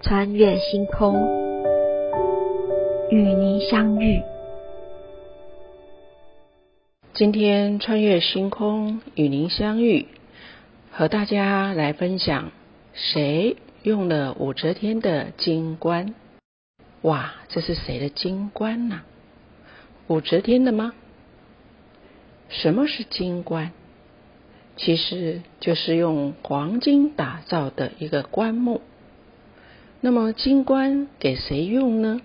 穿越星空，與您相遇。今天穿越星空與您相遇，和大家來分享：誰用了武則天的金棺？哇，這是誰的金棺呢，啊？武則天的嗎？什麼是金棺？其實就是用黃金打造的一個棺木。那麼金棺給誰用呢？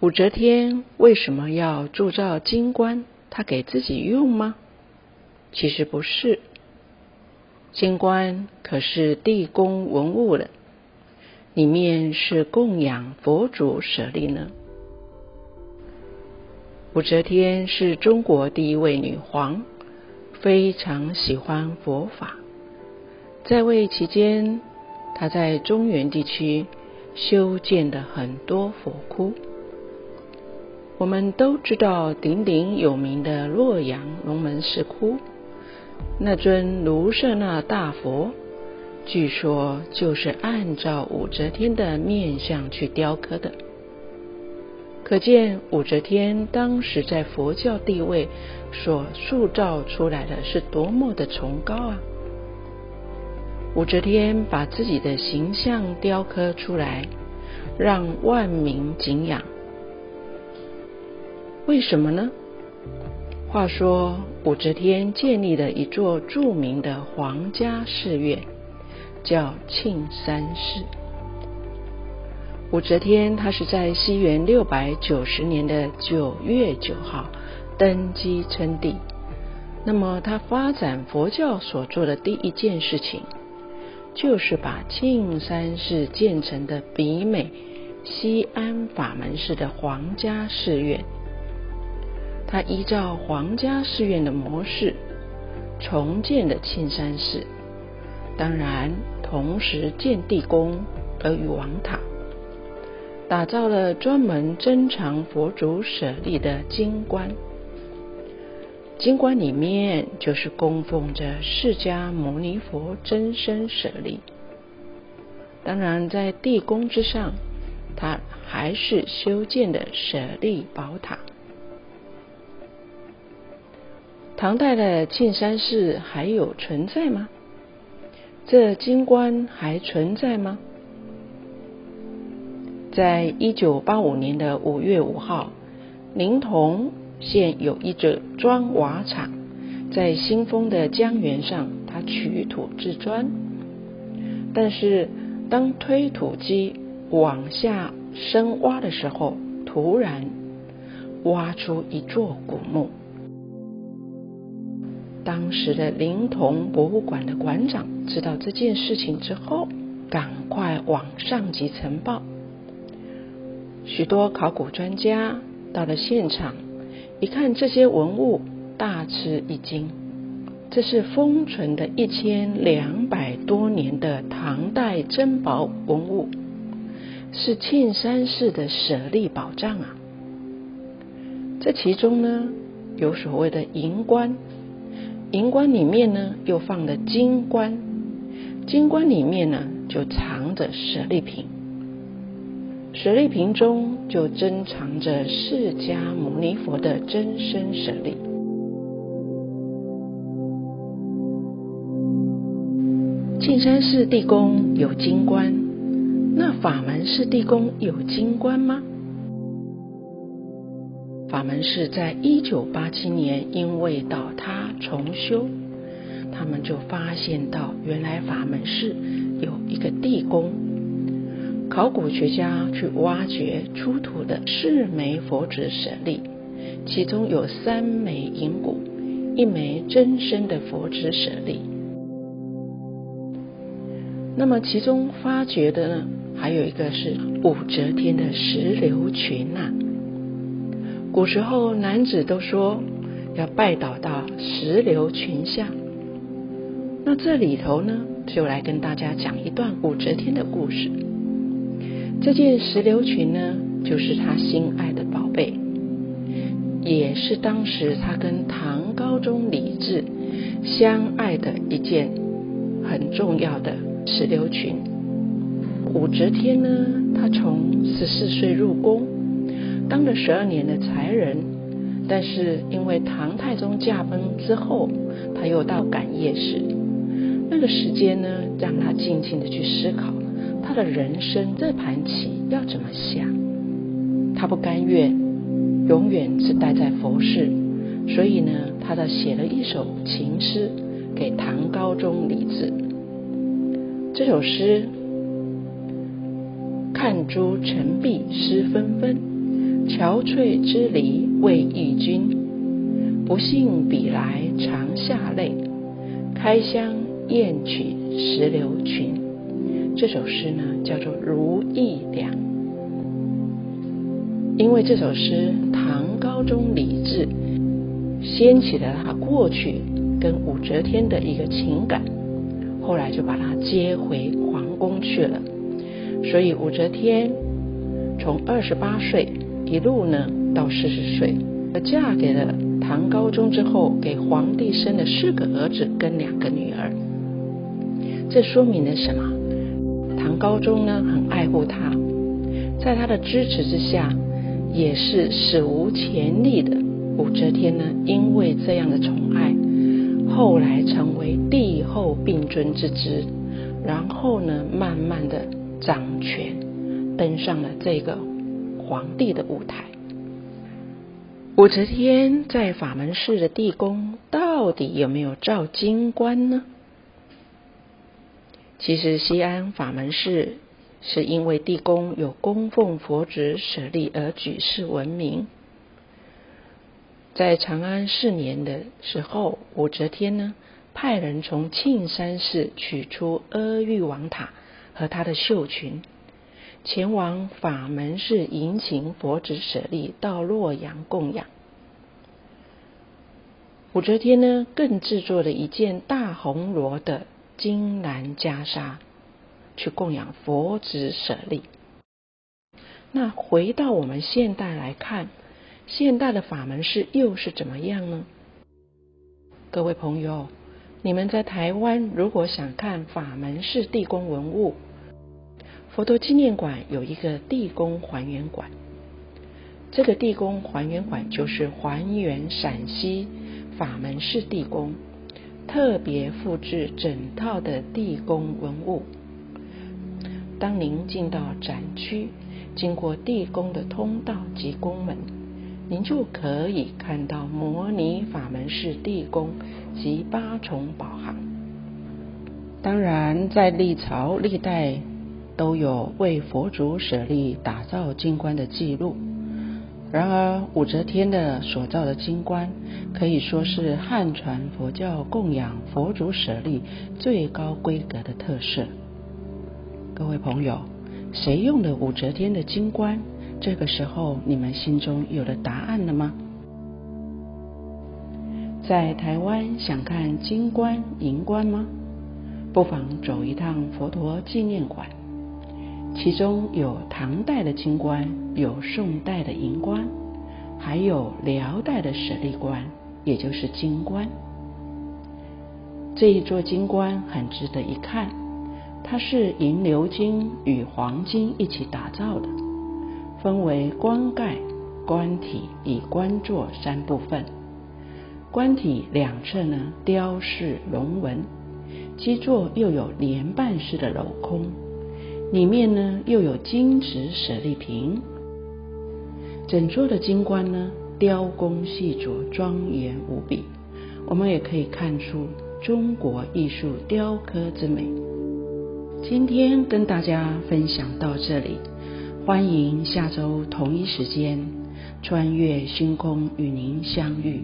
武則天為什麼要鑄造金棺？她給自己用嗎？其實不是，金棺可是地宮文物了，裡面是供養佛祖舍利呢。武則天是中國第一位女皇。非常喜歡佛法，在位期間，他在中原地區修建了很多佛窟。我們都知道鼎鼎有名的洛陽龍門石窟，那尊盧舍那大佛，據說就是按照武則天的面相去雕刻的。可見武則天當時在佛教地位所塑造出來的是多麼的崇高啊！武則天把自己的形象雕刻出來，讓萬民景仰。為什麼呢？話說武則天建立了一座著名的皇家寺院，叫慶山寺。武則天她是在西元六百九十年的九月九號登基稱帝。那麼，她發展佛教所做的第一件事情，就是把慶山寺建成的比美西安法門寺的皇家寺院。她依照皇家寺院的模式重建了慶山寺，當然同時建地宮而與王塔。打造了專門珍藏佛祖舍利的金棺，金棺裡面就是供奉着釋迦牟尼佛真身舍利。當然，在地宮之上，它還是修建的舍利寶塔。唐代的慶山寺還有存在嗎？這金棺還存在嗎？在一九八五年的五月五號，臨潼縣有一座磚瓦廠，在新豐的江源上，它取土製磚。但是，當推土機往下深挖的時候，突然挖出一座古墓。當時的臨潼博物館的館長知道這件事情之後，趕快往上級呈報。許多考古專家到了現場，一看這些文物，大吃一驚。這是封存的一千兩百多年的唐代珍寶文物，是慶山寺的舍利寶藏啊。這其中呢，有所謂的銀棺，銀棺裡面呢又放了金棺，金棺裡面呢就藏着舍利品。舍利瓶中就珍藏着釋迦牟尼佛的真身舍利。慶山寺地宮有金棺，那法門寺地宮有金棺嗎？法門寺在一九八七年因為倒塌重修，他們就發現到原來法門寺有一個地宮。考古學家去挖掘，出土的四枚佛指舍利，其中有三枚銀骨，一枚真身的佛指舍利。那麼其中發掘的呢，還有一個是武則天的石榴裙吶、啊。古時候男子都說要拜倒到石榴裙下。那這裡頭呢，就來跟大家講一段武則天的故事。這件石榴裙呢，就是他心愛的寶貝，也是當時他跟唐高宗李治相愛的一件很重要的石榴裙。武則天呢，她從十四歲入宮，當了十二年的才人，但是因為唐太宗駕崩之後，她又到感業寺。那個時間呢，讓她靜靜的去思考。他的人生這盤棋要怎麼下？他不甘願永遠只待在佛寺，所以呢，他的寫了一首情詩給唐高宗李治。這首詩：看朱成碧思紛紛，憔悴支離為憶君。不信比來長下淚，開箱驗取石榴裙。這首詩呢，叫做《如意娘》。因為這首詩，唐高宗李治掀起了他過去跟武則天的一個情感，後來就把他接回皇宮去了。所以，武則天從二十八歲一路呢到四十歲，而嫁給了唐高宗之後，給皇帝生了四個兒子跟兩個女兒。這說明了什麼？唐高宗呢很愛護他，在他的支持之下，也是史無前例的。武則天呢，因為這樣的寵愛，後來成為帝後並尊之職，然後呢，慢慢的掌權，登上了這個皇帝的舞台。武則天在法門寺的地宮到底有沒有造金棺呢？其實西安法門寺是因為地宮有供奉佛指舍利而舉世聞名。在長安四年的時候，武則天呢派人從慶山寺取出阿育王塔和她的繡裙，前往法門寺迎請佛指舍利到洛陽供養。武則天呢更製作了一件大紅羅的金蘭袈裟去供養佛指舍利。那回到我們現代來看，現代的法門寺又是怎麼樣呢？各位朋友，你們在台灣如果想看法門寺地宮文物，佛陀紀念館有一個地宮還原館，這個地宮還原館就是還原陝西法門寺地宮。特別複製整套的地宮文物。當您進到展區，經過地宮的通道及宮門，您就可以看到模擬法門寺地宮及八重寶函。當然，在歷朝歷代都有為佛祖舍利打造金棺的記錄。然而，武則天的所造的金棺，可以說是漢傳佛教供養佛祖舍利最高規格的特色。各位朋友，誰用了武則天的金棺？這個時候，你們心中有了答案了嗎？在台灣想看金棺、銀棺嗎？不妨走一趟佛陀紀念館。其中有唐代的金棺，有宋代的銀棺，還有遼代的舍利棺，也就是金棺。這一座金棺很值得一看，它是銀鎏金與黃金一起打造的，分為棺蓋、棺體與棺座三部分。棺體兩側呢雕飾龍紋，基座又有蓮瓣式的鏤空。裡面呢，又有金質舍利瓶，整座的金棺呢，雕工細琢，莊嚴無比。我們也可以看出中國藝術雕刻之美。今天跟大家分享到這裡，歡迎下周同一時間穿越星空與您相遇。